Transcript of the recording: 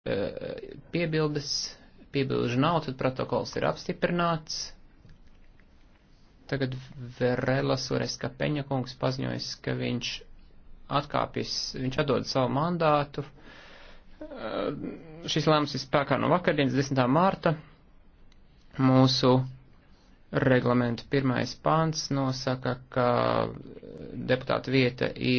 Eh, piebildes, piebilžu nav, tad protokols ir apstiprināts. Tagad Verela Sureska Peņa kungs paziņojas, ka viņš atkāpjas, viņš atdod savu mandātu. Eh, šis lēmums ir spēkā no vakardienas 10. mārta. Mūsu reglamentu pirmais pāns nosaka, ka deputāta vieta ir.